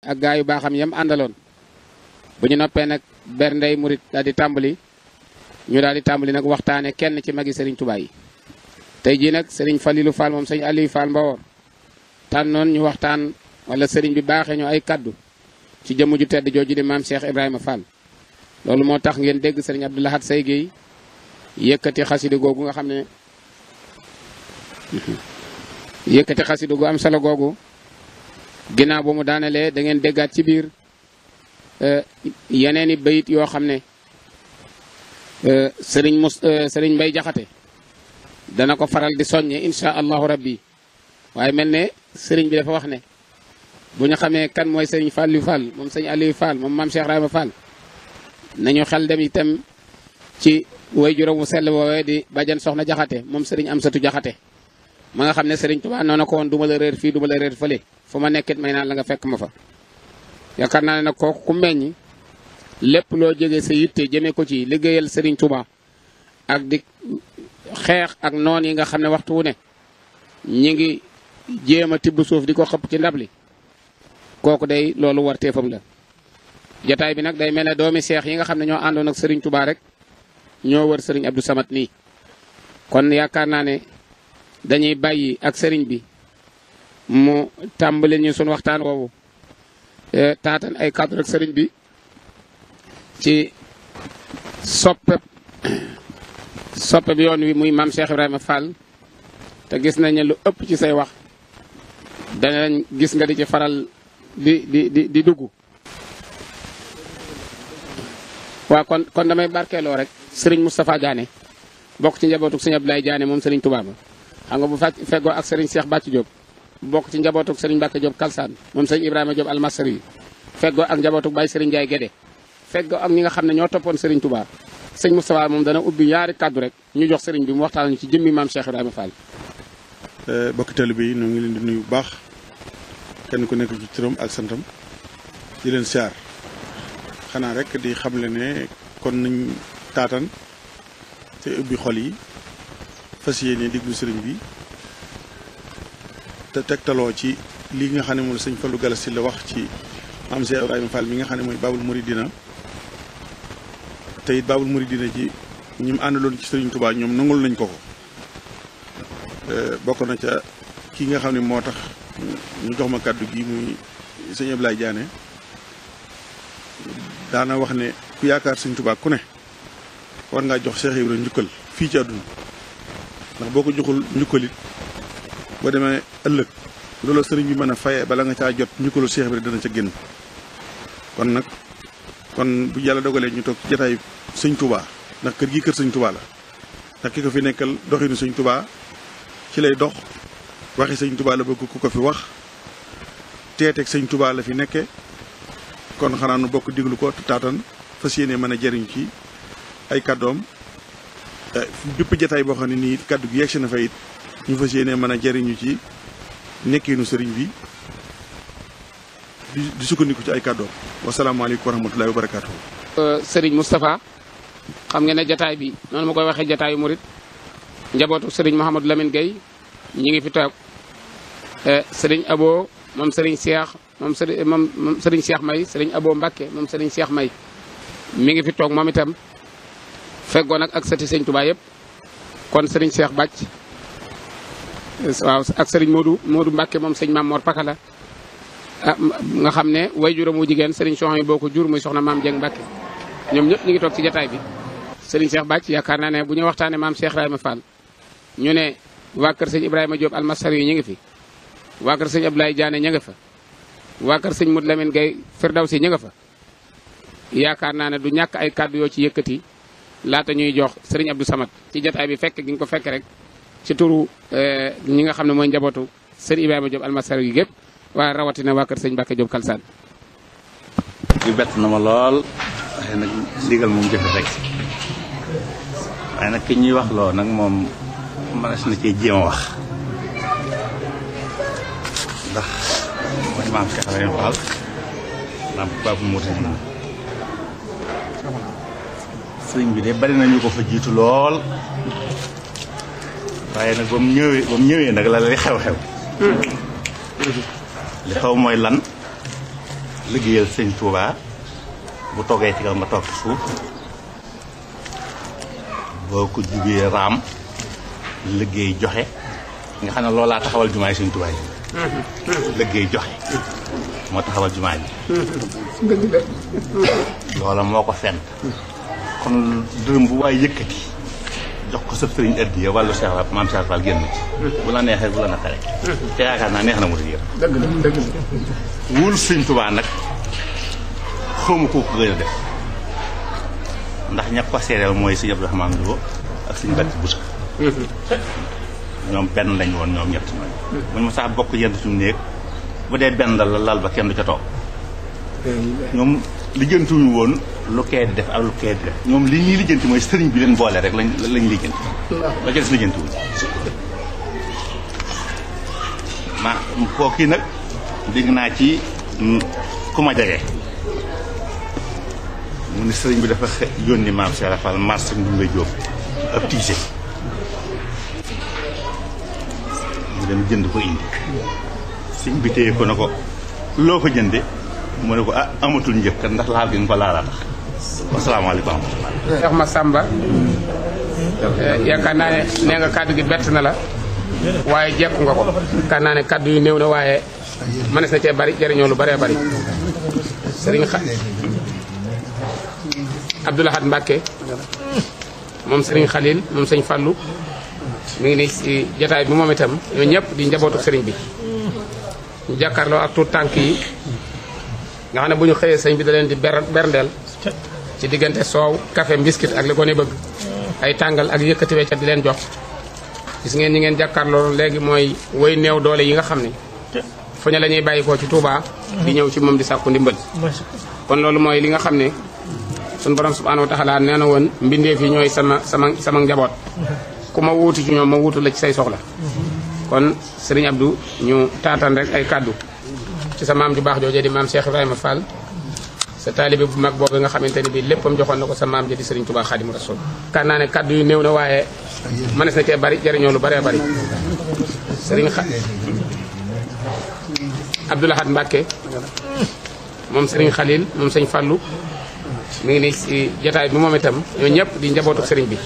ak gaay yu baxam yam andalon bu ñu noppee berndey murit dal di tambali ñu dal di tambali nak waxtane kenn ci magi Serigne Touba yi tay ji nak Serigne Falilou Fall mom serigne ali Fall Mbawor tànnoon ñu waxtaan wala Serigne bi baxé ñu ay kaddu ci jëm ju tedd jooju di mam Cheikh Ibrahima Fall lolu mo tax ngeen dégg Serigne abdullah Lahad sey geey yekati xasida gogu nga xamne yekati yëkkati gogu am solo gogu ginnaaw ba mu daanalee da ngeen déggaat ci biir eh, yeneeni bayit yoo xam ne eh, sëriñ mus eh, sëriñ mbay jaxate dana ko faral di soññe insha allahu rabbi waaye mel ne sëriñ bi dafa wax ne bu ñu xamee kan mooy sëriñ Fallou Fall moom sëriñ Aliou Fall moom maam Cheikh Rahma Fall nañu xel dem itam ci way juróom wu sell woowee di bajan soxna jaxate moom sëriñ Amsatu jaxate ma nga xam ne Serigne Touba noonu ko woon du ma la réer fii du ma la réer fële fu ma nekkit may naan la nga fekk ma fa. yaakaar naa ne nag kooku ku meññ lépp loo jege sa yitte jëmee ko ci liggéeyal Serigne Touba ak di xeex ak noon yi nga xam ne waxtu wu ne ñi ngi jéem a tibb suuf di ko xëpp ci ndab li kooku day loolu war teefam la. jataay bi nag day mel ne doomi seex yi nga xam ne ñoo àndoon ak Serigne Touba rek ñoo wër sëriñ Abdou Samad nii kon yaakaar naa ne. dañuy bayyi ak sëriñ bi mu tambalé ñu sun waxtaan euh taatan ay cadre ak sëriñ bi ci soppe bi yoon wi muy mam Cheikh Ibrahima Fall te gis nañ lu ëpp ci say wax danañ gis nga di ci faral di di di di duggu wa kon kon damay barkeeloo rek sëriñ mustapha Diané bok ci njabotuk sëñ Abdoulaye Diané mom sëriñ Touba xam nga bu fekk feggoo ak Serigne Cheikh Bàcc Diop bokk ci njabootuk sëriñ Mbacke Diop Kalsaan moom sëñ Ibrahima Diop almasari yi feggoo ak njabootuk Baye Serigne Ndiaye Guédé feggoo ak ñi nga xam ne ñoo toppoon Serigne Touba sëñ Moustapha moom dana ubbi ñaari kàddu rek ñu jox sëriñ bi mu waxtaan ñu ci jëmmi maam Cheikh Ibrahima Fall eh, bokki tali bi ñu ngi leen di nuy bu baax kenn ku nekk ci turam ak santam di leen siyaar xanaa rek di xamle ne kon nañ ubbi xol yi fasiyene diglu serigne bi te tektalo ci li nga xam mo serigne fallu Fallou la wax ci am Cheikh ibrahim Fall mi nga xam moy Babul Mouridina te it Babul Mouridina ji ñim andalon ci serigne Touba ñom nangul nañ ko ko bokko na ca ki nga xam motax ñu dox ma kaddu gi muy serigne Ablaye Diané dana wax ne ku yaakar serigne Touba ku ne war nga jox Cheikh ibrahim ñukkal fi ci aduna ndax boo ko joxul njukkalit boo demee ëllëg loolu sëriñ bi mën a faye bala nga caa jot njukkalu seex bi dana ca génn kon nag kon bu yàlla dogalee ñu toog ci jataayu sëñ tubaa ndax kër gi kër sañ tubaa la ndax ki ko fi nekkal doxinu sëñ tubaa ci lay dox waxi sëñ tubaa la bëgg ku ko fi wax teeteeg sëñ tubaa la fi nekke kon xanaa nu bokk diglu ko taatan fas yéene mën a jariñ ci ay kàddoom Euh, bépp jataay boo xam ne nii kàddu gi yegg na fa it ñu fas yéene man a jariñu ci nekkiinu sëriñ bi di sukkandiku ci ay kàddoom wasalaamaaleykum wa rahmatullahi wa barakaatu. Euh, sëriñ Moustapha xam nga ne jataay bi noonu ma koy waxee jataayu murit njabootu sëriñ Mouhamadou Lamine gay ñi ngi fi toog euh, sëriñ Abo moom sëriñ Cheikh moom sëriñ moom sëriñ Cheikh May sëriñ Abo Mbacke moom sëriñ Cheikh May mi ngi fi toog moom itam. feggoo nag ak sëti sëñ touba yëpp kon sëriñ Cheikh Bàcc waaw ak sëriñ Modou Modou Mbacke mom sëñ mamour Mor Pakala ah, nga xam ne way juróom wu jigéen sëriñ Soxna yi boko jur muy soxna mam jeng Mbacke ñom ñëpp ñi ngi tok ci jotaay bi. sëriñ Cheikh Bàcc yaakaar naa ne bu ñu waxtaanee maam Cheikh Ibrahima Fall ñu ne wa kër sëñ Ibrahima Diop almasar yi ngi fi wa kër sëñ Abdoulaye Diané ñu nga fa wa kër sëñ Modou Lamine Firdawsi ñu nga fa yaakaar ne du ñak ay kàddu yo ci yëkëti laata ñuy jox Serigne Abdou Samad ci jotaay bi fekk gi ko fekk rek ci turu euh ñi nga xamne moy mooy Serigne Ibrahima Diop almasar gep wa rawati na wa kër Serigne bakay Diop kalsan yu bet na ma lol ay nak digal moom jëf rek ay nak ki ñuy wax loo nag moom mënees na ci jëm wax ndax ma mooy maam Cheikh ba bu mu Babou na sëriñ bi de bari nañu ko fa jiitu lool waaye nag ba mu ñëwee ba mu ñëwee nag la li xew-xew li xew mooy lan liggéeyal sëñ Touba bu toggee ci kaw ma toog suuf boo ko jugee raam liggéey joxe nga xam ne loolaa taxawal jumaay sëñ Touba yi liggéey joxe moo taxawal jumaa ji loola moo ko fent kon dërëm bu waaye yëkkati jox ko sëf sëriñ addiya wàllu Cheikh Fall maam Cheikh Fall génn hmm. bu la neexee bu la naqaree hmm. te yaakaar naa neex na mu di yër dëgg la dëgg la wóolu sëriñ nag xawma ko gën a def ndax ña ko seereel mooy sëñ Abdourahmane Lo ak sëñ Bàcc Boussa hmm. ñoom benn lañ woon ñoom ñett ñooñu sax bokk yenn suñu néeg bu dee benn la lal ba kenn du ca toog ñoom lijjantuñu woon lu kee def ak lu kee def ñoom li ñuy lijjanti mooy sëriñ bi leen boole rek lañ lañ lijjanti la ca des lijjanti ma kooki nag dégg naa ci ku ma jege mu ne sëriñ bi dafa yónni maam Cheikh Rafal mars ñu ngay jóob ab tiise mu dem jënd ko indi sëñ bi téye ko na ko ko jënde mu ne ko ah amatul njëkk ndax laal gi ko tax Assalamualaikum. Cheikh Massamba eh, yaakaar naa ne nee nga kàddu gi bett na la waaye jekku nga ko yaakaar naa ne kàddu yu néew na waaye mënees na cee bari jëriñoo lu bëree bari sëriñ xa Abdou Lahad Mbacke moom sëriñ Khalil moom sëñ Fallou mi ngi nii si jataay bi moom itam ñoo ñëpp di njabootu sëriñ bi ñu jàkkaarloo ak tuut tànk yi nga xam ne bu ñu bi da leen di Berndel ci diggante soow café biscuit ak li ko ne bëgg ay tàngal ak yëkkati weccat di leen jox gis ngeen ñi ngeen jàkkaarloo léegi mooy way néew doole yi nga xam ne fu ne la ñuy ci Touba di ñëw ci moom di sàkku ndimbal kon loolu mooy li nga xam ne sun borom subhanahu wa taala nee woon mbindeef yi ñooy sama sama sama njaboot ku ma wuutu ci ñoom ma wuutu la ci say soxla kon Serigne Abdou ñu taataan rek ay kàddu ci sa maam ju baax di maam Cheikh Ibrahima Fall sa talibé bu mag bobu nga xamanteni bi leppam joxon nako sa mam ji serigne touba khadim rasoul Rasuul kan kaddu yu néew na waaye mënees na ci bari jarino lu bari bari serigne khadim Abdoul Ahad mbake mom serigne Khalil mom serigne Fallou mi ngi nii si jotaay bi mom itam ñoo ñep di njabotu serigne bi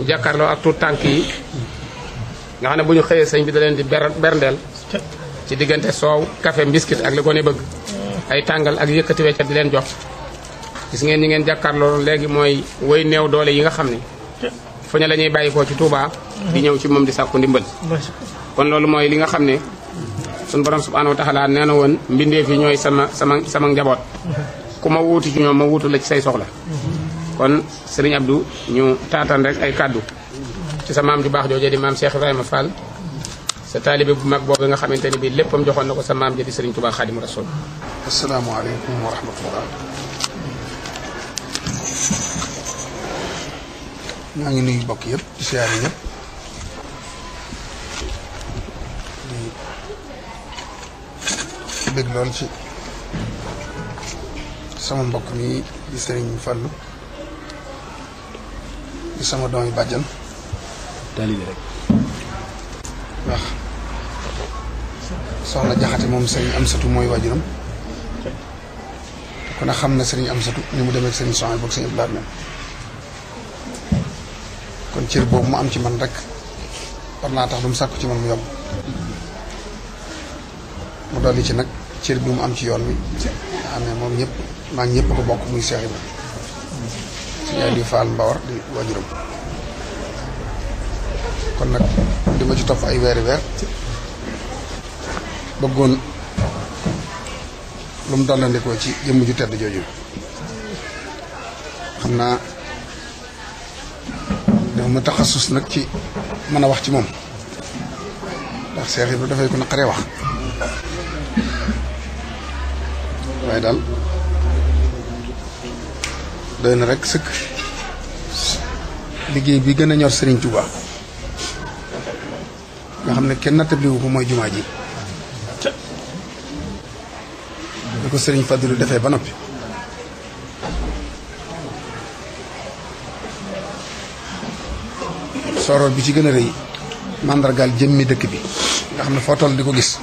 ñu jakarlo ak tout tank yi nga xam ne bu ñu xëyee sëñ bi da leen di berndel ci digënté soow café biscuit ak li ko ne bëgg ay tàngal ak yëkkati weccat di leen jox gis ngeen ñi ngeen jàkkaarloo léegi mooy woy néew doole yi nga xam ne fu lañuy la ñuy ci tuubaa di ñëw ci moom di sàkku ndimbal kon loolu mooy li nga xam ne suñu borom subhaanahu wa taala nee na woon mbindeef yi ñooy sama sama sama njaboot ku ma wuutu ci ñoom ma wuutu la ci say soxla kon Serigne Abdou ñu taataan rek ay kàddu ci sa maam ju baax joojee di maam Cheikh Ibrahima Fall sa taalibe bu mag boobu nga xamante ne bii léppam joxoon na ko sa maam ja di sëriñ Tuubaa Xaadimu Rasuul. asalaamaaleykum wa rahmatullah. maa ngi nuyu mbokk yëpp di siyaare yëpp bëgg lool ci sama mbokk mi di sëriñ Fallu di sama doomi bàjjan taalibe rek ndax soxna jaxate moom am Amsatu mooy waajuram kon nag xam na am Amsatu ni mu demee ak sëriñ soxna boog sëriñ Abdoulaye même mu am ci man rek war naa tax lu mu sàkku ci man mu yomb mu dolli ci nag cër bi mu am ci yoon wi nga xam ne moom ñëpp maa ngi ñëpp ko bokk muy Seex Ibra suñu yaay di Faal Mbawar di waajuram kon nag dima ci topp ay weeri weer bëggoon lu mu dollandikoo ci jëmm ju tedd jooju xam naa dama ma taxasus nag ci mën a wax ci moom ndax Seex Ibra dafay ko naqaree wax waaye daal doy na rek sëkk liggéey bi gën ñor Sëriñ nga xam ne kenn ko mooy jumaa ko Serigne Fadilou defé ba nopi soro bi ci gëna reuy rëy jëmmi dëkk bi nga xamna fo tol diko di gis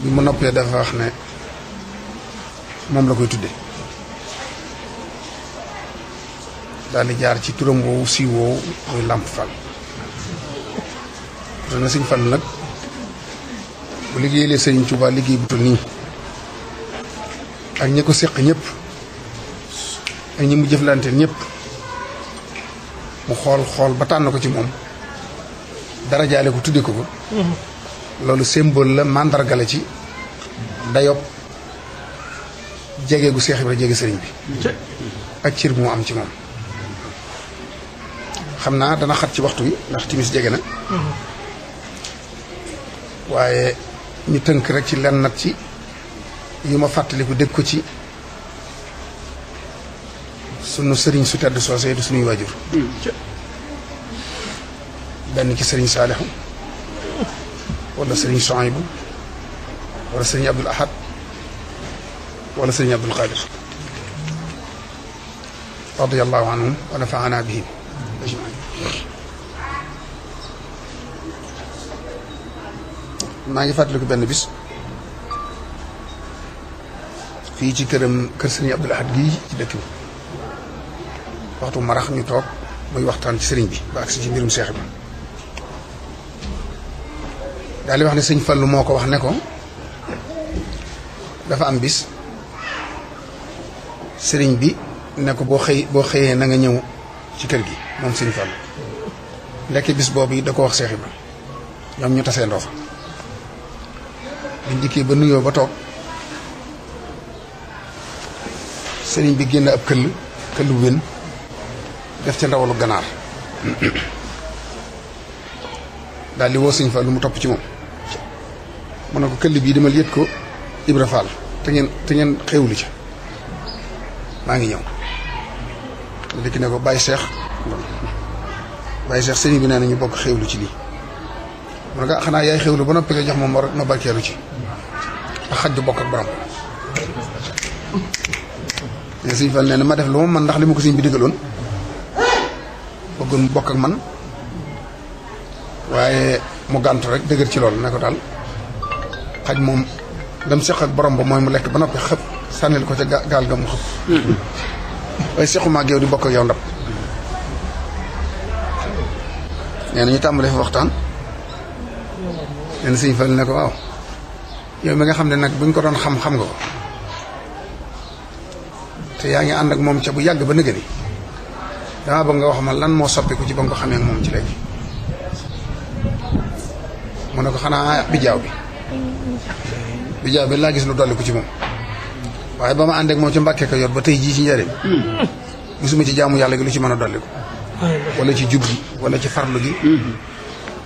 bi mu nopi dafa wax né mom la koy tuddé daal di jaar ci turam wo si woowu muy làmp fal na seigne fal nak liggéey lagi Serigne Touba liggéey bu toll nii ak ñi ko seq ñëpp ak ñi mu jëflanteel ñëpp mu xool xool ba tànn ko ci moom dara jaale ko tudde ko ko loolu symbole la mandarga la ci dayob jege gu Seex Ibra jege sëriñ bi ak cir bu mu am ci moom xam naa dana xat ci waxtu wi ndax timis jege na waaye ñu tënk rek ci lenn nag ci yu ma fàttaliku dégg ko ci sunu sëriñ su tedd soosee du suñuy waajur benn ci sëriñ Saalihu wala sëriñ Sohaybu wala sëriñ Abdul Ahad wala sëriñ Abdul Qadir radiyallahu anhum wa nafaana bihim maa ngi fàttaliku benn bis fii ci këram kër sëriñ Abdul Ahad gii ci dëkk bi waxtu marax ñu toog muy waxtaan ci sëriñ bi ba agsi ci mbirum seex bi daal wax ne sëñ Fallu moo ko wax ne ko dafa am bis sëriñ bi ne ko boo xëy boo xëyee na nga ñëw ci kër gi moom sëñ Fallu ndekki bis boobu da ko wax seex bi ñoom ñu tasee ndox buñ dikkee ba nuyoo ba toog sëriñ bi génn ab këll këllu wén def ca ndawalu ganaar daal di woo sëñ Fall lu mu topp ci moom mu ne ko këll bii demal yët ko Ibra Fall te ngeen te ngeen xewlu ca maa ngi ñëw dikk ne ko bàyyi cheikh bàyyi cheikh sëriñ bi nee na ñu bokk xewlu ci lii mu ne ah, xanaa yaay xew xewlu ba noppi nga jox ma ma barkeelu ci ndax xaj du bokk ak borom mais ma def man ndax li ma ko siñ mu bokk ak man waaye mu gàntu rek dëgër ci loolu ne ko daal xaj moom dam seq ak borom ba mooy mu lekk ba noppi xëpp sànnil ko ca gaal ga mu xëpp waaye sequma ak yow di bokk ak yow ndab nee na ñu tàmbalee fa waxtaan nee na sëñ Fall ne ko waaw yow mi nga xam ne nag buñ ko doon xam-xam nga ko te yaa ngi ànd ak moom ca bu yàgg ba nëgëni dama ba nga wax ma lan moo soppiku ci ba nga ko xamee ak moom ci léegi mu ne ko xanaa bijaaw bi bijaaw bi laa gis lu dolli ci moom waaye ba ma moom ci mbàkkee ko yor ba tey jii ci njëriñ gisuma ci jaamu yàlla gi lu ci mën a wala ci jub wala ci farlu gi mm-hmm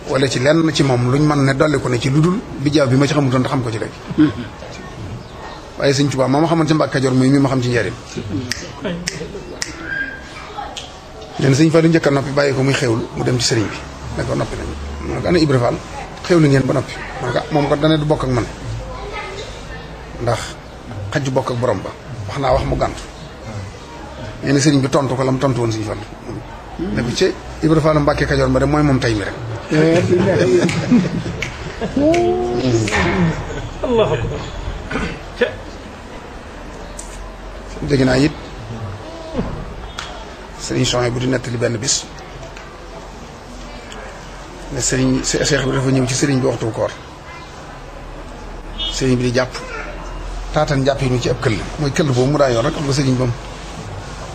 wala ci lenn ci mom luñ man ne dolli ko ne ci bi jaw bi ma ci xamutoon te xam ko ci rek waye seigne touba mama ma ci mbaka jor muy mi ma xam ci njariñ leen seigne Fallu njëkk nopi noppi ko muy xewlu mu dem ci sëriñ bi ne ko noppi nañ ana ibrahim Fall xewlu ngeen ba nopi mu mom ko ah, moom du bok ak man ndax xaju bok ak borom ba waxna wax mu gàntu nee na bi tontu ko lam tontu won seigne Fallu ne ci ibrahim Fall Mbàkke Kajoor ba de mooy moom mi rek allahu akbar dégg naa it sëriñ Sonia bu di nettali benn bis ne sëriñ Cheikh bi dafa ñëw ci sëriñ bi waxtu koor sëriñ bi di jàpp taatan jàpp yi ñu ci ab këll mooy këll boobu mu daa yoon rek am nga sëriñ bam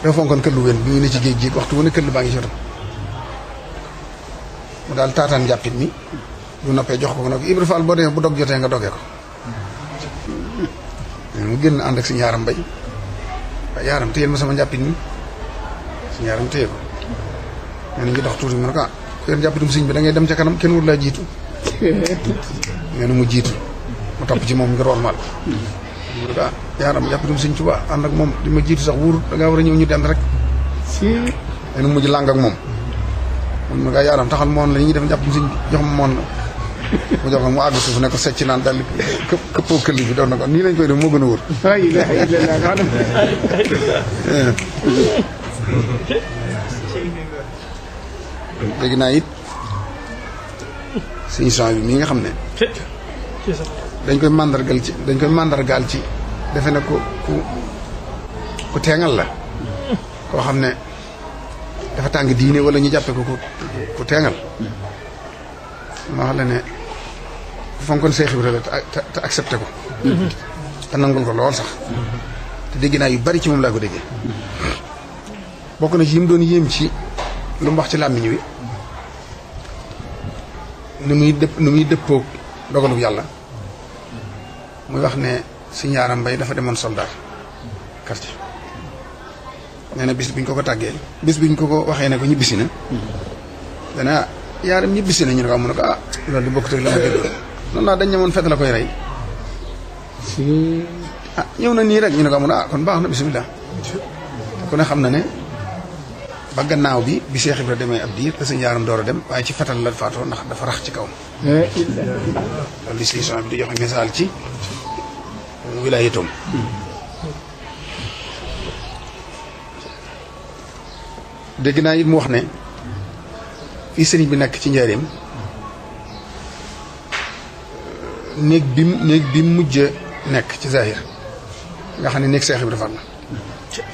dafa fonkoon këllu ween bi mu ne ci géej gi waxtu wu ne këll baa ngi ci wetam mu daal taataan jàppit mi bu noppee jox ko nak ibrahim Fall bo demee bu dog joté nga dogé ko mu génn and ak suñu yaaram bay waaye yaaram téyel ma sama jappit ni suñu yaaram téye ko ñu ngi dox tuuti mu naka ko ah ku yor bi da ngay dem ci kanam kenn wul la jitu ñu mu jitu mu top ci moom ngir ormal mu ne ko ah yaaram njàppitum and ak mom dima jitu sax wuur da nga wara ñew ñu dem rek ci ñu mu ji lang ak mom mun ma gaa yaaram taxal moon la ñuy def njàpp si jox ma mu jox mu àgg suuf ne ko secc naan dal këpp këppoo këll bi doon na ko nii lañ koy def moo gën a wóor ay ilaha illallah eh. dégg naa it suñu sang bi nga dañ koy ci dañ koy ci ku la koo dafa tàng diine wala ñu jàppe ko ku ku teengal wax la ne fonk fonkoon Seex Ibra la te accepté ko te nangul ko lool sax te dégg yu bari ci moom laa ko déggee bokk na ci yi doon yéem ci lu mu wax ci làmmiñ wi nu muy dëpp nu muy dëppoog dogalub yàlla muy wax ne si ñaaram mbay dafa demoon soldat quartier nena bis biñ ko ko bis biñ ko ko waxee ne ko ñibbisi na dana yaaram ñibbisi na ñu ne ko amu ne ko ah di bokkut ak la dégg noonu laa dañ ñamoon fet la koy ah ñëw na ni rek ñu ko amu ah kon baax na bisimilah ku ne xam na ne ba gannaaw bi bi Cheikh Ibra demee ab diir yaaram a dem waaye ci fetal la faatoo ndax dafa rax ci kaw eh. loolu li solution bi di joxe misaal ci dégg naa it mu wax ne fii sëriñ bi nekk ci njaareem néeg bi néeg bi mujj nekk ci zahir nga xam ne néeg seex bi defar la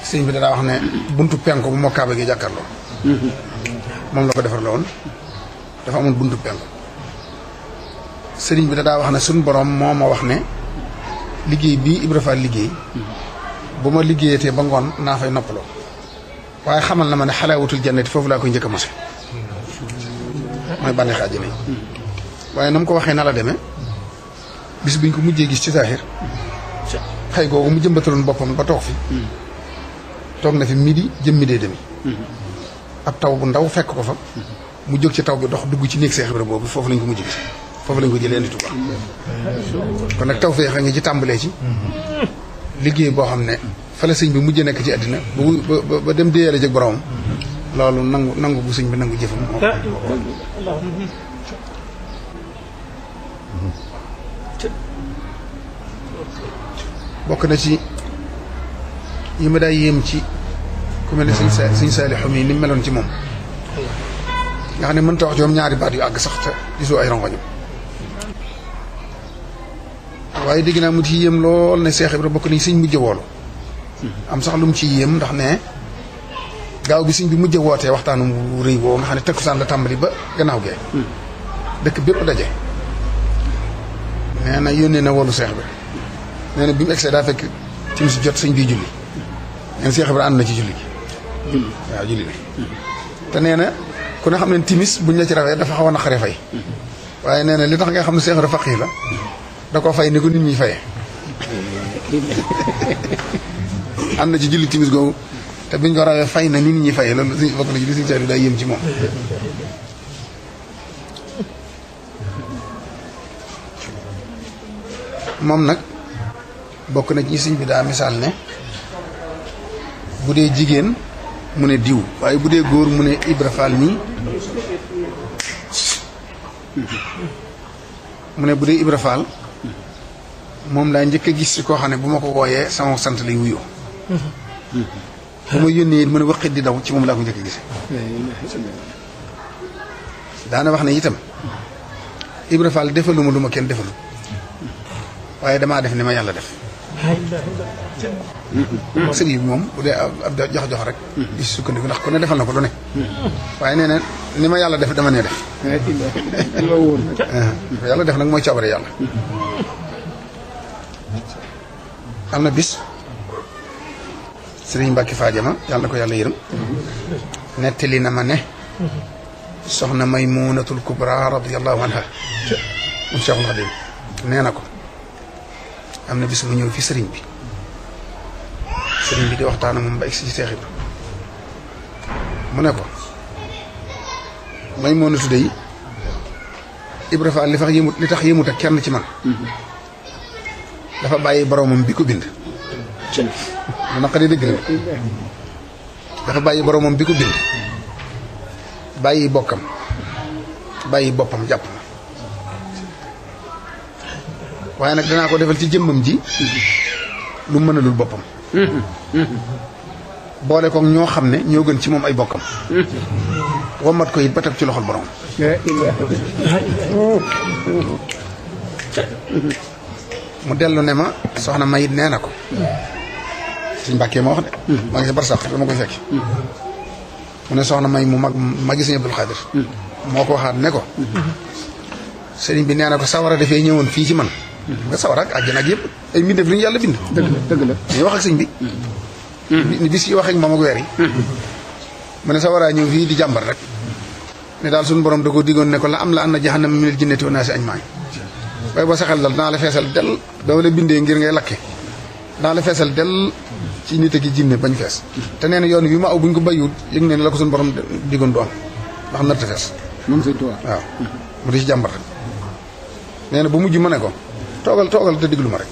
sëriñ bi danaa wax ne buntu penko bu moo kaaba gi jàkkarloo moom la ko defar la woon dafa amoon buntu penko sëriñ bi dadaa wax ne suñ borom moo ma wax ne liggéey bii Ibra Fall liggéey bu ma liggéeyatee ba ngoon naa fay noppaloo waaye xamal na ma ne xalaawatul jannati foofu laa koy njëkk a mose mooy bànneex àjjana yi waaye na mu ko waxee nala deme demee bis biñ ko mujjee gis ci saaxir xëy googu mu jëmbataloon boppam ba toog fi toog na fi midi jëm midi demi ab taw bu ndaw fekk ko fa mu jóg ci taw bi dox dugg ci néeg Seex Ibra boobu foofu lañ ko mujj gis foofu lañ ko jëlee indi Tuubaa kon nag taw feex a ngi ci tàmbalee ci liggéey boo xam ne fale sëñ bi mujj nekk ci àddina ba dem déyale jëg boromam loolu nangu nangu bu sëñ bi nangu jëfam ah. bokk na ci yi ma daa yéem ci ku mel ne sëñ sa sëñ Saalixu mi ni meloon ci moom nga xam ne mënta wax joom ñaari baat yu àgg sax te gisoo ay rongoñam waaye dégg naa mu ci yéem lool ne Seex Ibra bokk nañ sëñ mujj woolu am sax lu mu ci yéem ndax ne gaaw bi sëñ bi mujjee wootee waxtaanu mu rëy woo nga xam ne takkusaan la tàmbali ba gannaaw gee dëkk bépp daje nee na yónnee na wolu seex bi nee bi mu egsee daa fekk ci mu si jot sëñ bi julli nee na seex bi ànd na ci julli gi waaw julli bi hmm. te nee na ku ne xam ne timis buñ la ci rawee dafa xaw a naqaree fay waaye nee na li tax nga xam ne seex bi la da ko fay ni ko nit ñi fayee hmm. amna na ci julli timis gogou te buñ ko rawee fay na nit ñi fay loolu si bokk na ci li si da yëm ci mom mom nak bokk na ci siñ bi da misal ne budé jigen mune diw waye budé gor mune ibrafal ni mune budé ibrafal mom la ñëk gis ci ko xam buma ko woyé sama sante lay wuyoo bu mm-hmm. ma yónnee it mën a waqit di daw ci moom laa ko njëkk a gise daana wax ne itam Ibra Fall defalu ma lu ma kenn defalu waaye damaa def ni ma yàlla def mm-hmm. moom bu dee ab jox jox rek mm-hmm. di sukkandiku ndax ku ne defal na ko lu ne waaye nee na ni ma yàlla def dama nee def yàlla def nag mooy coobare yàlla am na bis سرين باكي فاديما يالله كو يالله يرم نتلي نما نه سخنا ميمونه الكبرى رضي الله عنها ان شاء الله دي نيناكو امنا بيس مو نيو في سيرن بي سرين بي دي وقتانا مم با اكسي شيخي مونيكو ميمونه دي ابرفا لي فخ يموت لي تخ يموت كين سي مان دا فا باي بروم بيكو dana xëy dëgg la dafa bàyyi boromam bi ko bind bàyyi bokkam bàyyi boppam jàpp na waaye nag danaa ko defal ci jëmmam ji lu mënalul boppam boole ko ñoo xam ne ñoo gën ci moom ay bokkam wommat ko it ba teg ci loxol borom mu delu ne ma soxna Mayit neena ko. suñ mbàkkee mo wax de. ma ngi bar sax dama koy fekk. mu ne soxna May mu mag ma gis sëñ Abdul khadir moko waxat ne ko. sëriñ bi neena ko sawara defey ñewon fi ci man. nga sawara ak aljana gi yëpp ay mi def li yalla bind. deug la dëgg la dañuy wax ak sëñ bi. Mm. ni bis yi wax ak moom ak mu ne sawara ñew fi di jambar rek. ne dal suñu borom da ko digon ne ko la am la an jahannam min al jinnati wa nasi ajmain waaye ba sa xel dal dinaa la feesal del dama la bindee ngir ngay lakke dinaa la feesal del ci nit ki jinne bañ fees te nee yoon wi ma aw bu ñu ko bayiwut yëg ne la ko suñu borom digoon du am ndax narta na moom sëñ waaw mu di ci jàmbat rek nee na ba mujj ma ne ko toogal toogal te diglu ma rek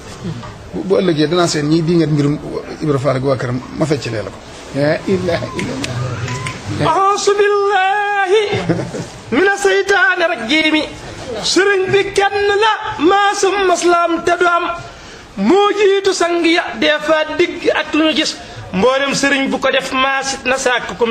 bu ëllëgee danaa seen ñii di ngeen mbirum Ibra Faal ak waa këram ma fecc lee la ko yaa ilaaha illallaah auzu billaahi mina seytaani rajiim sëriñ bi kenn la maasum maslaam te du am moo jiitu sang ya dee fa digg ak lu gis mboolem sëriñ bu ko def maasit na sàkk ku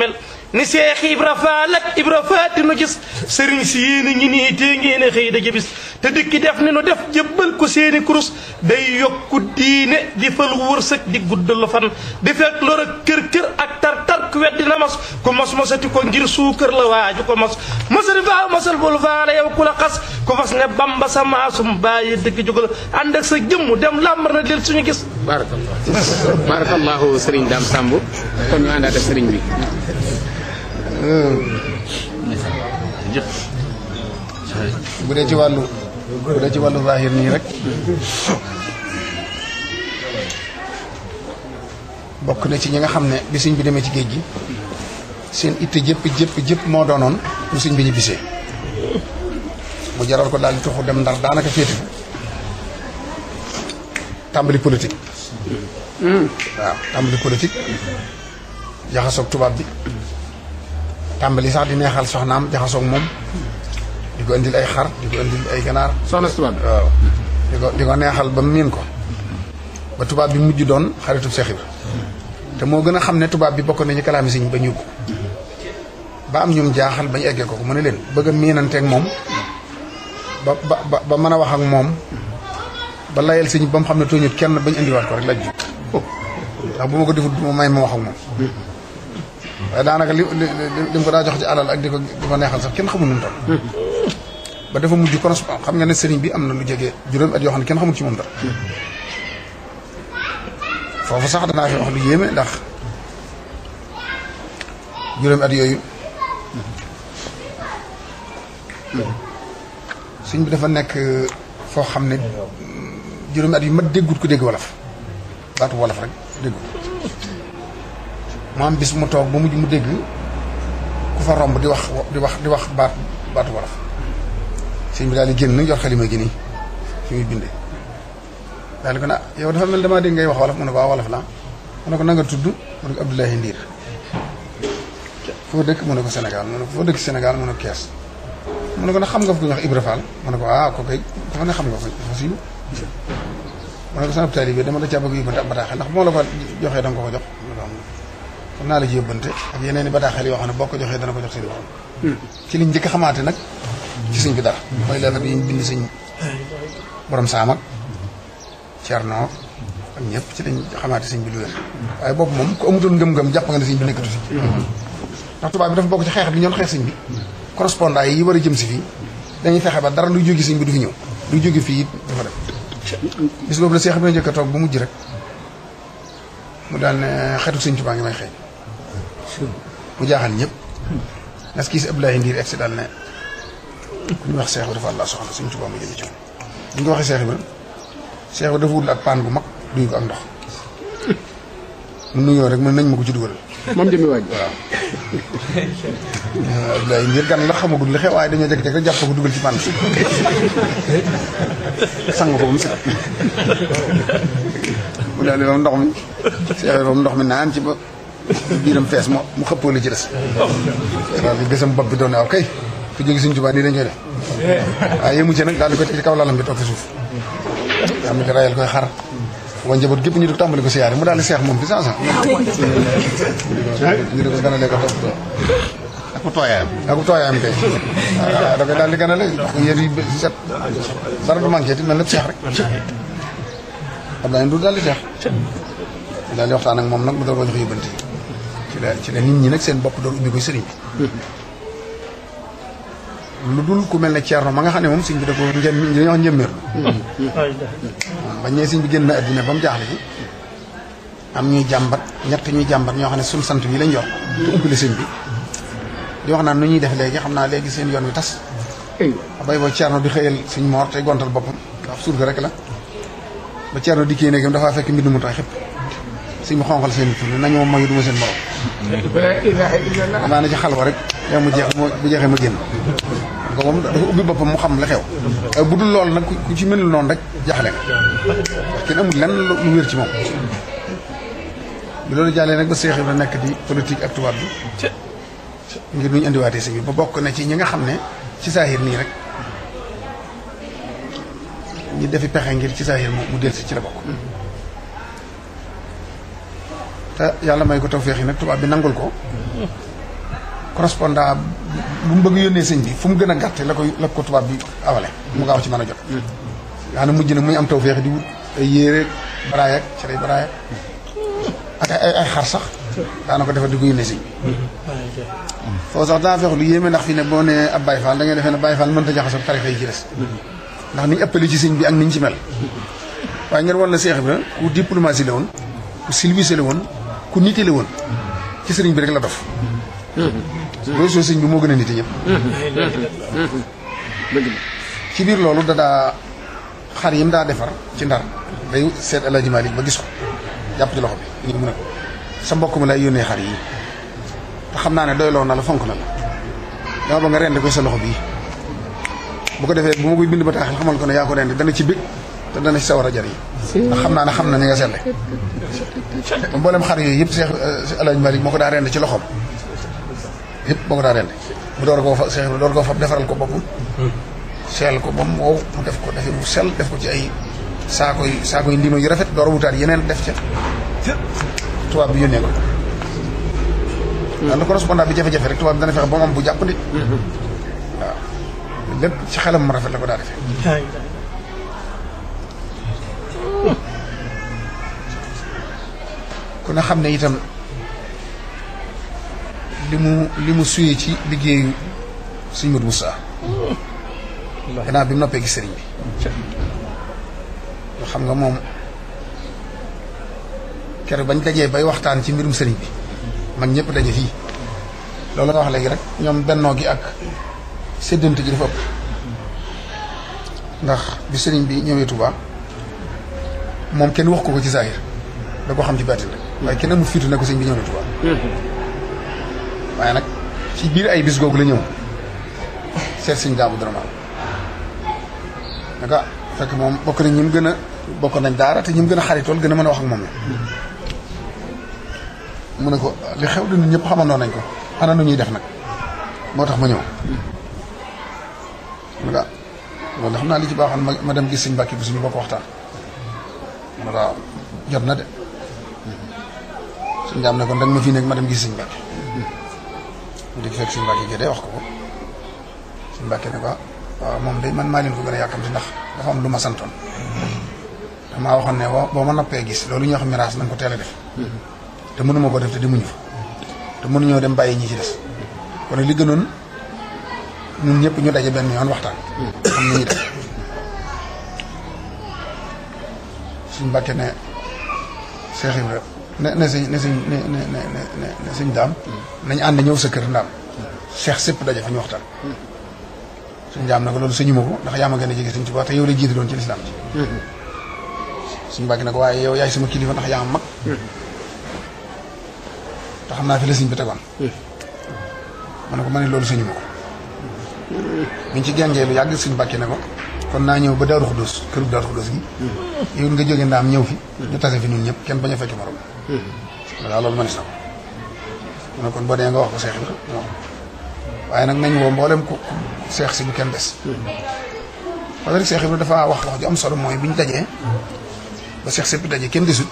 ni seex ibra faal ibra faati nu gis sëriñ si yéen a ngi nii tee ngeen a da jëbis te ki def ni no def jébbal ko seeni kurus day yokku diine di fal wursak di guddal fan di fek lor ak ker ker ak tar tar ku weddi na mas ku mas masati ko ngir ker la waju ko mas masal ba masal bul faale yow kula la ku fas ne bamba sama sum baye dëkk jógal and ak sa jëm dem làmbar na del suñu gis barakallah barakallahu serigne dam sambu kon ñu àndaat ak sëriñ bi hmm. bu ne ci walu bu dee ci wàllu zahir nii rek bokk na ci ñi nga xam ne bi bi demee ci géej gi seen itte jëpp jëpp jëpp moo doonoon lu sëñ bi ñu bisee mu jaral ko daal di tuxu dem ndar daanaka féete tàmbali politique waaw tàmbali politique jaxasoog tubaab bi tàmbali sax di neexal soxnaam jaxasoog moom di ko indil ay xar di ko indil ay ganaar. soxna si tubaab di ko di ko neexal ba miin ko. ba tubaab bi mujj doon xaritu Seex te moo gën a xam ne tubaab bi bokk nañu kalaami siñ ba ñëw ba jaaxal bañ eggee ko ko mu ne leen bëgg a miinanteeg moom ba ba mën a wax ak moom ba layal siñ ba mu xam ne tooñut kenn bañ indiwaat ko rek laaj ji ndax bu ma ko defut du ma may ma wax ak moom waaye daanaka li li li mu ko daa jox ci alal ak di ko di ko neexal sax kenn xamul nu mu ba dafa mujj correspond xam nga ne serigne bi amna lu jégué juroom at yo xam ne kenn xamul ci mom dara foofu sax dana fi wax lu yéme ndax juroom at yoyu serigne bi dafa nek fo xamne juroom at yu ma déggut ko dégg wolof wala fa rek déggut maam bis mu toog ba mujj mu dégg ku fa romb di wax di wax di wax baat baatu wolof sëñ bi daal di génn yor xalima gi nii fi muy bindee daal di ko na yow dafa mel damaa dégg ngay wax wolof mu ne ko waaw wolof la mu ne ko nanga tudd mu ne ko Abdoulaye Ndiir foo dëkk mu ne ko senegal mu ne ko foo dëkk Sénégal mu ne ko ko na xam nga fu wax Ibra mu ne ko ah ko koy xam nga ko dafa siiw mu ne ko sama taalibe dama la caa bëgg yóbbante ab ndax moo la ko joxee danga ko ko jox kon naa la ci yóbbante ak yeneen i bataaxel yoo xam ne boo ko joxee dana ko jox seen borom ci liñ njëkk xamaate nag ci sëñ bi dara mooy leetar bi bind sëñ borom saamak cerno ak ñëpp ci lañ xamaati sëñ bi lu wér waaye boobu moom ku amutoon ngëm-ngëm jàpp nga ne sëñ bi nekkatu si ndax tubaab bi dafa bokk ci xeex bi ñoon xeex sëñ bi correspondant yi war a jëm si fii dañuy fexe ba dara luy jóge sëñ bi du fi ñëw luy jóge fii dafa def bis boobu la seex bi na jëkk a toog ba mujj rek mu daal ne xetu sëñ Tuubaa ngi may xeeñ mu jaaxal ñëpp nas kii si Abdoulaye Ndiir egsi daal ne ku ñu wax seex dafa àllaa soxna suñ ci boom jënd ci ñu ko waxee seex ba dafa wut ak paan bu mag duy ko ak ndox mu rek mën nañ ma ci dugal moom jëmi waaj waaw lay ngir gan la xamagul li xew waaye dañoo jekk jekk ko ci sang ko mu mu ndox mi ndox mi naan ci ba mo mu ci waaw bi fi jóge suñ Tuubaa nii dañ def ay yemu ci nak dal ko ci kaw lalam bi tok suuf am ci rayal koy xar won jabot gep ñu di ko tàmbali ko siyaare mu dal cheikh mom fi sansa ñu di ko gën a lekk topp aku tooyaayam aku tooyaayam kay da nga dal di gën a lekk yëf set dara du manke ti mel cheikh rek xam naa du dal cheikh dal daal di waxtaan ak mom nak mu dal ko jox yóbbante ci la ci la nit ñi nak seen bop do ubbi ko sëriñ ludul ku melni cierno ma nga xane mom moom bi da ko njëm ñu wax njëmmir. ba ñe sëñ bi genn na àddina ba mu am ñuy jambat ñett ñuy jambat ño xane sun sant bi lañ yor. te umpale sëñ bi di wax naan nu ñuy def léegi xamna naa léegi seen yoon wi tas. bay bo cierno di xeyel sëñ mort tay gontal bopam ndax surga rek la ba cierno di kene gam dafa fekk mbindu mu tay xep sëñ bi xonqal seen i tur nañoo moyu duma seen morom. la ilaha illallah. naa ne ci xalwa rek. yow mu jeex bu jeexee ma génn. ko moom dafa ubbi boppam mu xam la xew. Euh, bu dul lool nag ku ci mënul noonu rek jaaxle nga. kenn amul lenn lu wér ci moom. bi loolu jàllee nag ba Seex la nekk di politique ak tubaab bi. ngir nuñ indiwaatee si bi ba bokk na ci ñi nga xam ne ci saahir nii rek ñi defi pexe ngir ci saa saahir mu dell si ci la bokk. te yàlla may ko tawféex yi nag tubaab bi nangul ko. correspondant bu mu bëgg yónnee sëñ bi fu mu gën a gàtte la koy la ko tubaab bi awale mu gaaw ci mën a jot mm. yaa na mujj nag muy am tawféex di wut ay yére baraayak cere baraayak ay ay xar sax daana ko defar di ko yónnee sëñ bi foofu sax daa feex lu yéeme ndax ne boo ne ab Baye Fall da ngay defee ne Baye Fall mënta jaxasoo tarixa yi ci des ndax niñ ëppale ci sëñ bi ak niñ ci mel waaye ngeen war na Seex bi ku diplomatie la woon ku silvisé la woon ku nite la woon ci sëriñ bi rek la dof booy soo sëñ bi moo gën a nit ñëpp. dëgg la. ci biir loolu dadaa xar yi mu daa defar ci ndar day seet El Hadj Malick ba gis jàpp ci loxo ñu mun a ko sa mbokk mi lay yónnee xar yi te xam naa ne doyloo na la fonk na la rend ko sa loxo bii bu defee bu ma koy bind ba taaxal xamal ko ne yaa ko rend ci bég te dana a jar yi xam naa ne xam na ni nga selle mboolem xar yooyu yëpp Seex euh, El moo ko daa rend ci loxoom hip bo da daaneel mu dor koo fa Cheikh Ibrahima door koo fa defal ko boppam. Hmm. sel ko moom wow mu def ko def mu sel def ko ci ay sa koy sa koy ndima yu rafet dor wutaat yenen def ci tuwa bi yónnee ko. ndax correspondant bi jafé jafé rek tuwa bi dana fexe bo mom bu japp nit. waaw lépp ci xalam mu rafet la ko da defee. Hmm. ko na xam itam limu limu li ci liggéeyu sëñ Modou Moussa dina bi noppé ci gis sëriñ bi xam nga mom kéro bañ dajé bay waxtaan ci mbirum sëriñ bi mag ñepp dajé fi loolu nga wax légui rek ñom benno gi ak séddante ji dafa ndax bi sëriñ bi ñëwé Touba mom kenn wax ko ko ci zahir da ko xam ci baatin rek waaye kenn mu fitu ne ko sëriñ bi ñëwé Touba waaye nag ci biir ay bis googu la ñëw seet sëñ Daabu Dramane naka fekk moom bokk nañ ñi gën a bokk nañ daara te ñu mu gën a xaritool gën a mën a wax ak moom la mu ne ko li xew dina ñëpp xamandoo nañ ko ana nu ñuy def nag moo tax ma ñëw naka ah, loolu xam naa li ci baaxoon ma dem gis sëñ Mbàkke bi suñu bokk waxtaan ma ah, waaw jot na de sëñ Daam ne kon danga ma fii nekk ma dem gis sëñ Mbàkke di fekk suñu mbàkke gi day wax ko suñu mbàkke ne ko waaw ah, moom day man maa leen ko gën a yàkkamti ndax dafa am lu ma santoon damaa ne boo ma noppee gis loolu ñuy wax miraas nañ ko teel def te mënuma ko def te dem ñi ci kon li ñun ñu yoon waxtaan def suñu ne Cheikh Ibrahima ne ne sëñ ne sëñ ne ne ne ne sëñ daam nañ ànd ñëw sa kër ndaam seex sëpp daje fa ñu waxtaan suñ daam na ko loolu sëñu ndax yaa ma gën a jege sëñ Tuubaa yow la jiitu doon ci lislaam ci suñ bàgg na ko yow yaay sama kilifa ndax yaa fi la bi ko ci lu kon naa ñëw ba Daaru Xudóos këru Daaru Xudóos gi yow nga jógee ndaam ñëw fi ñu fi ñun ñëpp morom voilà hmm. loolu mënees na kon boo dee nga wax ko Seex Ibra waaye nag nañ woo mboolem ku seex si bu kenn des. Hmm. parce que dafa wax wax ju am solo mooy bi ñu ba seex sëpp daje kenn desut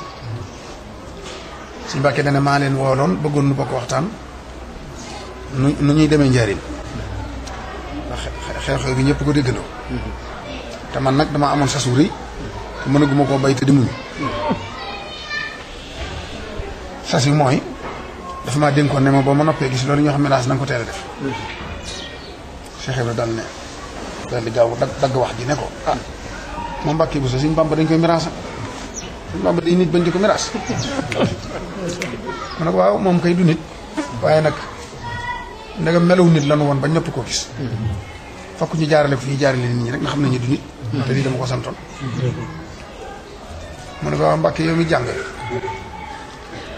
suñu Mbàkke dana maa leen wooloon bëggoon nu bokk waxtaan nu ñuy bi ñëpp ko hmm. dama mënaguma sasi moy mooy dafa maa dénkoon ne ma ba ma noppee gis lolu ñu xam ménage nang ko téré def Cheikh Ibra daal ne daal di gaaw dag dagg wax ji ne ko ah moom Mbàkke bu sasi suñ Bàmba dañ koy miraas ah. suñ Bàmba day nit bañ di ko mirage ma ne ko waaw mom kay du nit waye nak ndegam melaw nit la won ba bañ ko gis fokk ñu jaarale ko fi ñu jaarale nit ñi rek nga xam ne ñu du nit mm-hmm. te lii dama ko santone mo mm-hmm. ne ko waaw Mbàkke yow mi jàng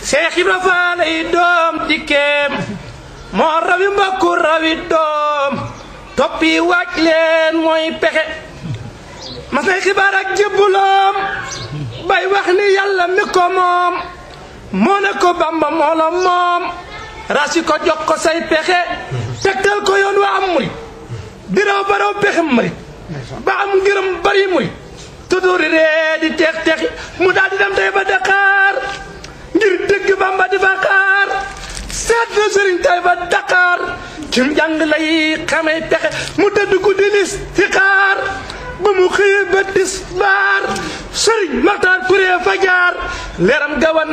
Cheikh Ibra Faal ay doom dikkeem moo rawi mbokku rawi doom toppi waaj leen pexe mas nay xibaar bay wax ni yàlla mi ko bamba moo moom rasi ko jox ko say pexe tegtal ko yoon wa am murit di raw ba pexe murit ba am ngërëm bari murit tuduri ree di teex mu daal di tey ba Dakar ngir dëgg Bamba di fa xaar seet na sëriñ tay ba Dakar ci njàng lay xamee pexe mu tëdd ko di lis xaar ba mu xëyee ba dis baar sëriñ Maxtaar Touré fa jaar leeram gawan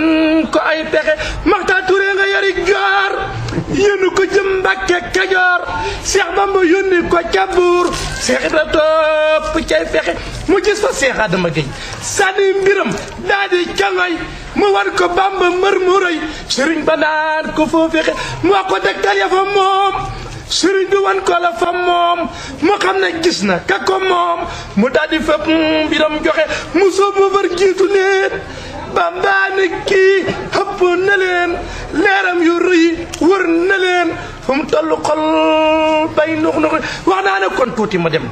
ko ay pexe Maxtaar Touré nga yari gaar yéenu ko jëm Mbàkke Kajoor Seex Bamba yónni ko ca buur Seex Ibra topp cay pexe mu gis fa Seex Adama Gey sànni mbiram daal di ca mu war ko bamba mër mu rëy sëriñ ba naan ko foo fexe mu wax ko dëgtal fa moom sëriñ bi wan ko la fa moom mu xam ne gis na ka ko moom mu daldi fépp mbiram joxe mu soob mu far jiitu leen bamba ne kii xëpp leen leeram yu wër na leen fu mu toll xol bay nux nux wax naa ne kon tuuti ma dem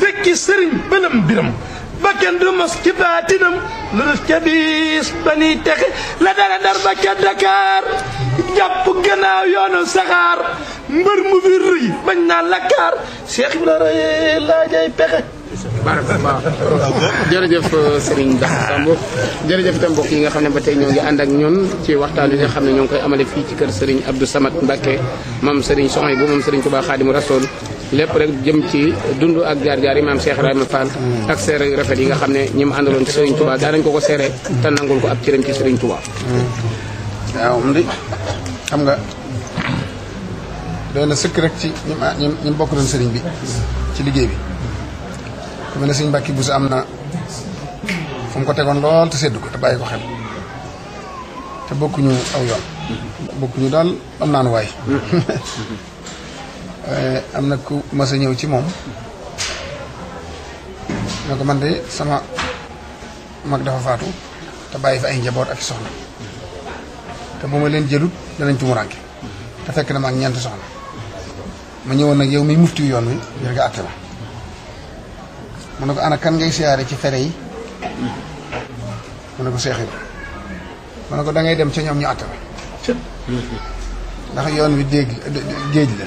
fekki sëriñ bëlam biram ba kenn du mos ci baatinam lu def ca bis ba niy texe la dara dar ba ca Dakar jàpp gannaaw yoonu saxaar mbër mu fi rëy bañ naa lakkaar Cheikh Ibra rëy laa jay pexe barakallah jërëjëf euh, Serigne Bass Samb jërëjëf yi nga xam ne ba tey ñoo ngi ànd ak ñun ci waxtaan yi nga xam ne ñoo ngi koy amale fii ci kër Serigne Abdou Samad Mbacke moom Serigne Soxna bu moom Serigne Touba Khadimou Rassoul lépp rek jëm ci dund ak jaar-jaar imam Cheikh rahim Fall ak seere rafet yi nga xam ne ñi mu àndaloon ci Serigne Touba daanañ ko ko seere te nangul ko ab cëram ci Serigne Touba waaw ndi xam nga doy sekk rek ci ñim ñim bokku doon serigne bi ci liggéey bi ko mel serigne sëriñ bu Buso am fu ko tegoon lol te seddu ko te bayiko xel te bokku ñu aw yoon bokkuñu daal am naan way am na ku mas a ñëw ci moom ne ko man de sama mag dafa faatu te bàyyi fi ay njaboot ak soxna te bu ma leen jëlut danañ tumuranke te fekk na ma ak ñeenti soxna ma ñëwoon nag yow mi mufti yoon wi ngir nga àtte ma mu ko ana kan ngay siyaare ci fere yi mu ne ko seexi mu ne ko da ngay dem ca ñoom ñu àtte ma ndax yoon wi dégg géej la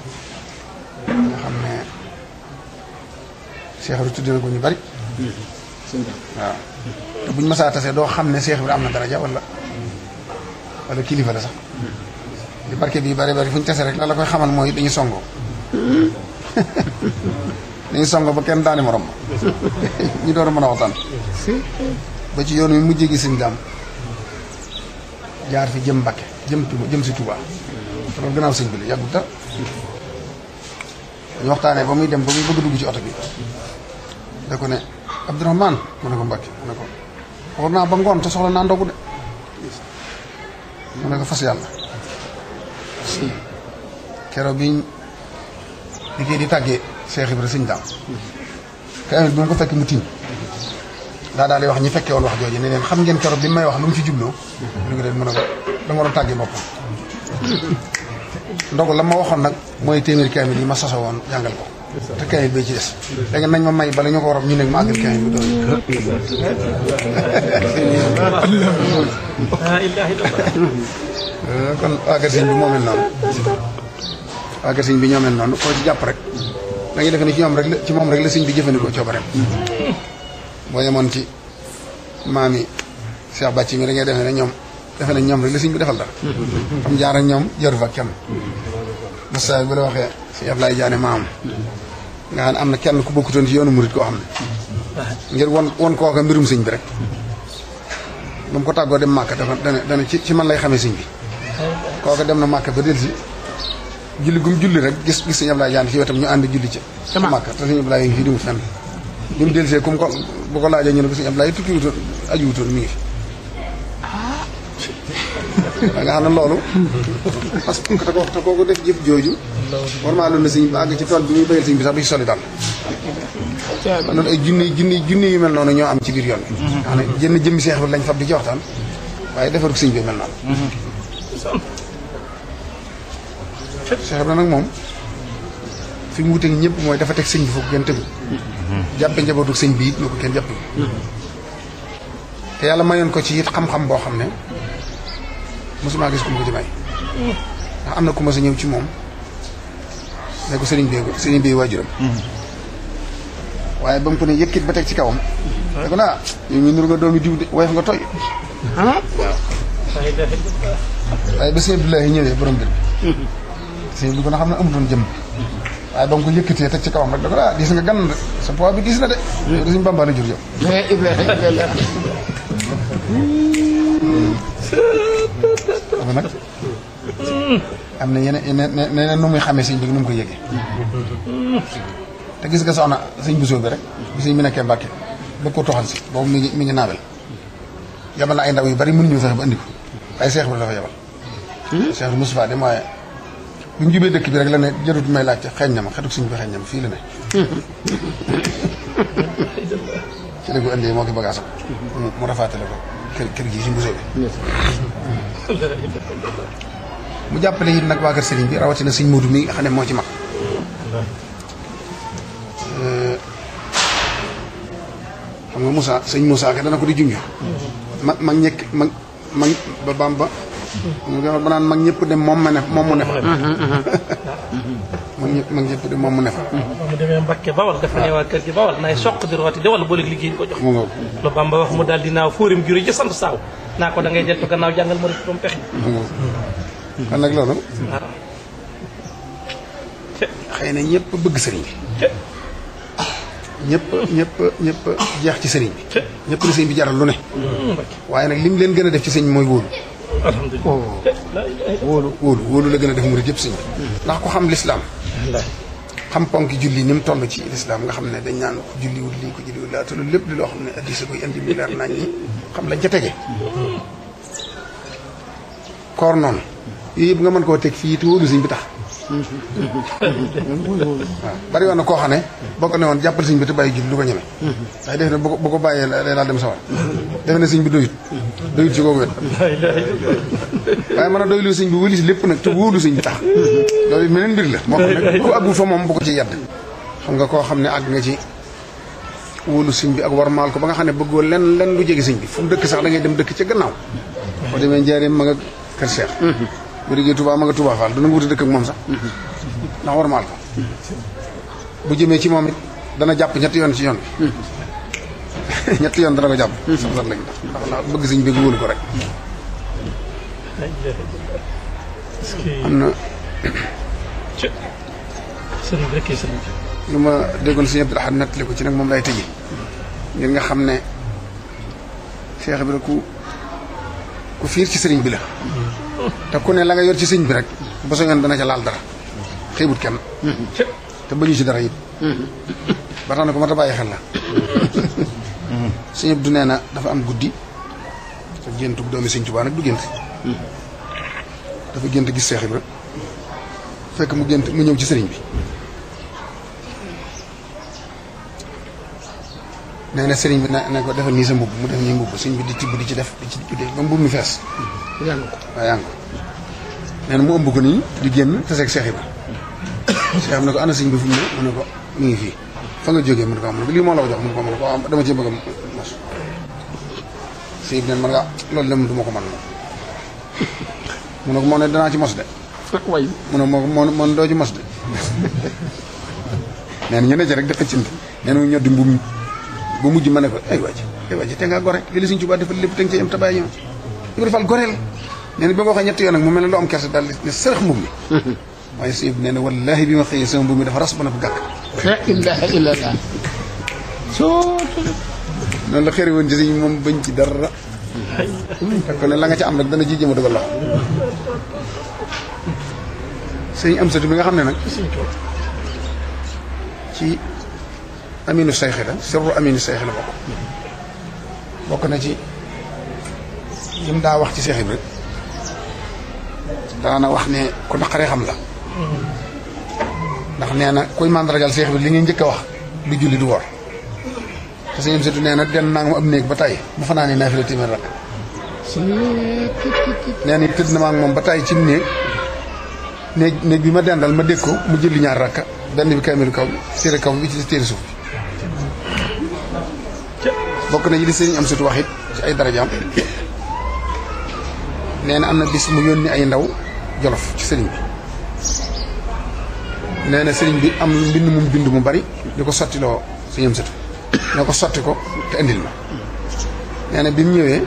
Cheikh Ibra tuddee ko ñu bari. waaw te buñ masaa tasee doo xam ne Cheikh Ibra am na daraja wala wala kilifa la sax. li barke bii bari bari fu ñu tase rek la la koy xamal mooy dañu songo dañu songo ba kenn daani morom ma ñu door a mën a waxtaan ba ci yoon wi mujjee gi suñ daam jaar fi jëm Mbakke jëm Tuuba jëm si Tuuba te bi la yàggut dara dañu waxtaanee ba muy dem ba muy bëgg dugg ci oto bi da ko ne Abdourahmane mu a ko Mbàkke mu ne ko war naa ba ngoon te soxla naa ndogu de mu ne ko fas yàlla keroog bi liggéey di tàggee Cheikh Ibra Sëñ daam te amit bi ko fekk mu tiim daa daal di wax ñi fekkee woon wax jooju ne leen xam ngeen keroog bi may wax lu mu ci jubloo lu ngi deen mu ne ko dama doon tàggee boppam ndogu la ma waxoon nag mooy téeméeri kaamil yi ma soso woon jàngal ko terkait kaay bi ci des da nga nañ ma may bala ñu ko waram ñu ne ma agal kaay bi doon kon agal sëñ bi moo mel noonu agal sëñ bi ñoo mel noonu koo ci jàpp rek da ngay def ne ci ñoom rek la ci moom rek la sëñ bi jëfandikoo coobareem boo yemoon ci maam Cheikh Bàcci mi da ngay rek la bi defal dara jaar ak fa kenn bi la si Ablaye Diané maam nga xam ne am na kenn ku bokkutoon ci yoonu murit koo xam ne ngir won won kooka mbirum sëñ bi rek ba mu ko tàggoo dem màkk dafa dana dana ci ci man lay xamee sëñ bi kooka dem na màkk ba delsi julli gum julli rek gis gis sëñ Ablaye Diané ci wetam ñu ànd julli ci ca màkk te sëñ Ablaye yi ngi fii dimu fenn bi mu delsee comme ko bu ko laajee ñu ne ko sëñ Ablaye tukki wutoon aji ngi da nga xam ne loolu parce que te ko kooku def jëf jooju war maa loolu sëñ bi àgg ci tool bi muy béyal sëñ bi sax du ci soli ay junni junni junni yu mel noonu ñoo am ci biir yoon bi mhm. xam ne jënn jëmmi seex bi lañ fab di ci taan waaye defaru sëñ bi mel noonu mhm. nag moom fi mu ñëpp mooy dafa teg sëñ bi foog kenn tegu jàppe njabootu sëñ ko kenn jàpp mhm. te yàlla mayoon ko ci it xam-xam boo xam ne mosuma gis ku ma ko ci bàyyi. ndax am na ku ma sa ñëw ci moom ne ko sëriñ bi bi waajuram. waaye ba mu ko ne yëkkit ba teg ci kawam. ne ko naa yow mii nuru nga doomi diw de woyof nga tooy. ah waaw. waaye ba ne amutoon jëmm. waaye ba mu ko yëkkatee teg ci kawam rek da ko ah sa poids bi gis na de. yow de jur yow. xam nag am na yeneen yeneen yeneen nu muy xamee sëñ bi nu mu koy yëgee. te gis nga soxna sëñ Bousso bi rek bi sëñ bi nekkee Mbàkke bëgg ko toxal si boobu mi ngi mi ngi naawel yabal na ay ndaw yu bari mënuñu fexe ba andi ko ay seex bi dafa yabal. seex bi Moustapha de mooy bu ñu jubee dëkk bi rek la ne jarut may laajte xeeñ na ma xetuk sëñ bi xeeñ na ma fii la ne. ci la ko andee moo ko bagaasam. mu mu rafaatale ko. kër gi si mbusoo bi mu jàppale it nag waa kër sëriñ bi rawatina sëñ Moodu eh, mi nga xam ne moo ci mag xam nga Moussa sëñ Moussa ka dana ko di junj mag ba mu naan mag ñëpp dem moom ma ne moom mu ne mag ñëpp moom mu ne fa. mu demee Mbacke Bawal dafa ne ah. waa kër gi Bawal naay soq di rooti de wala boole liggéey ñu ko jox. lu Bamba wax mu daal di naaw fóorim jure sant saaw naa ko da ngay gannaaw jàngal ma rek doom ah. na ñëpp bëgg sëriñ ñëpp ñëpp ci sëriñ ñëpp la sëriñ bi jaral lu ne. Mm, waaye leen gën a def ci sëriñ mooy oh. wóolu. la gën a def murid yëpp bi. Mm. ndax ko xam lislaam xam ponk julli ni mu toll ci lislaam nga xam ne dañ naan ko julliwul lii ko julliwul laa te loolu lépp di loo xam ne addisa koy indi mu leer nañ ñi xam lañ ca tege koor noonu yooyu nga mën koo teg fii te wóolu sëñ bi tax bari woon na koo xam ne boo ko ne woon jàppal sëñ bi te bàyyi julli lu ko ñeme waaye def ne bu ko bàyyee day daal dem sawar defe ne sëñ bi doyut doyut ci kooku wet waaye mën a doy lu sëñ bi wëlis lépp nag te wóolu sëñ bi tax loolu meneen mbir la moo xam ne ku àggul fa moom bu ko ci yedd xam nga koo xam ne àgg nga ci wóolu sëñ bi ak warmaal ko ba nga xam ne bëggoo lenn lenn lu jege sëñ bi fu dëkk sax da ngay dem dëkk ci gannaaw boo demee Njaaréem ma nga bu liggéey Touba ma nga Touba Fall dana nga wuti dëkk ak moom sax ndax war maal ko bu jëmee ci moom it dana jàpp ñetti yoon ci yoon bi ñetti yoon dana ko jàpp sam san lañu ndax ko rek am na lu déggoon sëñ Abdul Ahad nettali ko ci nag moom lay ngir nga xam ne Cheikh bi ku ku fiir ci sëriñ bi la te ku ne la nga yor ci sëñ bi rek ba dana ca laal dara xeebut kenn te bañu ci dara it ba na ko ma ta bàyyi xel la sëñ du nee na dafa am guddi te géntug doomi sëñ Tuubaa nag du gént dafa gént gis Seex Ibra fekk mu gént mu ñëw ci sëriñ bi Nana na bi na ne ko defal ni sa mbub mu def ni mbub sëriñ bi di tibb di ci def di ci di ba mbub mi fess yang ngi ko waaw yaa ngi ko. nee na mu ëmb ko nii di génn taseeg Seex Ibra. Seex am nako ana sëriñ bi fu mu mu nako mi fi fa nga joge mu ne ko am ah, la wax mu ko ah, mu ko am ah, dama ci bëgg a mos. neen man nga ko man mu nako mo ne dana ci mos de. way mu ne mo moo ci mos de. nee ñene ci rek def ci nee ñu mu ñoddi bu mujj mané ko ay waaj ay waaj te nga goré li señ suñ Tuubaa defal lépp te nga ci yem te ñu ñëw ci Ibra Fall ba nga waxee ñett yoon nak mu melni lu am kersa dal ni sërëx mum mi waaye si nee wallahi bima ma xëyee sama mbubb mi dafa ras ba na fa gàkk la ilaha illa allah so na la xéri won jëñ mom bañ ci dara ko la nga ci am nak dana ji jëm dugal la señ am satu bi nga xamné nak ci aminu sayxi la sirru aminu sayxi la bokk bokk na ci li daa wax ci Seex daa na wax ne ku naqaree xam la ndax nee na kuy màndargal Seex Ibra li ngay njëkk a wax du julli du woor te seen surtout nee na den naa nga mu am néeg ba tey bu fa naa ne naafila téeméer rakk nee na na maa moom ba tey ci néeg néeg néeg bi ma dendal ma dégg ko mu julli ñaar rakka benn bi kaamilu kaw téere kaw ngi ci téere suuf bokk na ci li sëñ am sutu wax ci ay darajaam nee na am na bis mu yónni ay ndaw jolof ci sëñ bi nee na sëriñ bi am mbind mum bind mu bari di ko sottiloo sëriñ am sutu ne ko sotti ko te indil ma nee bi mu ñëwee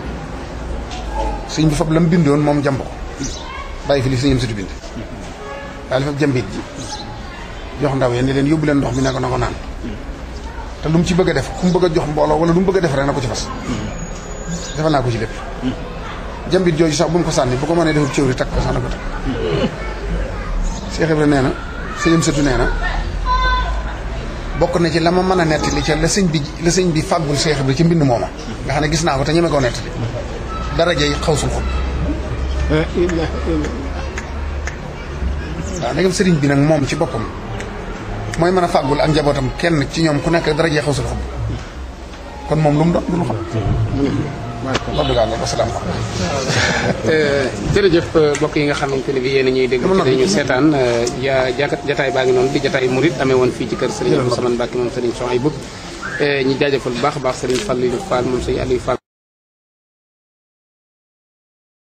sëriñ bi fab la mu bindoon moom jàmb ko bàyyi fi li sëriñ am sutu bind daal di fab jàmbit ji jox ndaw yee ne leen yóbbu leen ndox mi ne ko na ko naan te lu mu ci bëgg a def ku mu bëgg a jox mbooloo wala lu mu bëgg a def rek na ko ci fas defal naa ko ci lépp jambit jooju sax bu mu ko sànni bu ko mënee defub cëwri takk ko sax na ko takk Cheikh Ibra nee na sëñam sëtu nee na bokk na ci la ma mën a nettali ca la bi la bi fàggul Cheikh Ibra ci mbind mooma nga xam ne gis naa ko te ñeme koo nettali daraja yi xaw sul xut waaw ndegam sëriñ bi nag moom ci boppam mooy mën a fàggul ak njabootam kenn ci ñoom ku nekk dara jeexu sul xam kon moom lu mu doon lu xam. Euh, jërëjëf euh, mbokk yi nga xamante ne bi yéen a ñuy dégg ci dañu seetaan euh, ja jataay baa ngi noonu di jataay murit amee woon fii ci kër Serigne Abdou Samane Mbacke moom Serigne Souhaïbou ñu jaajëfal bu baax a baax Serigne Fallou Fall moom Serigne Aliou Fall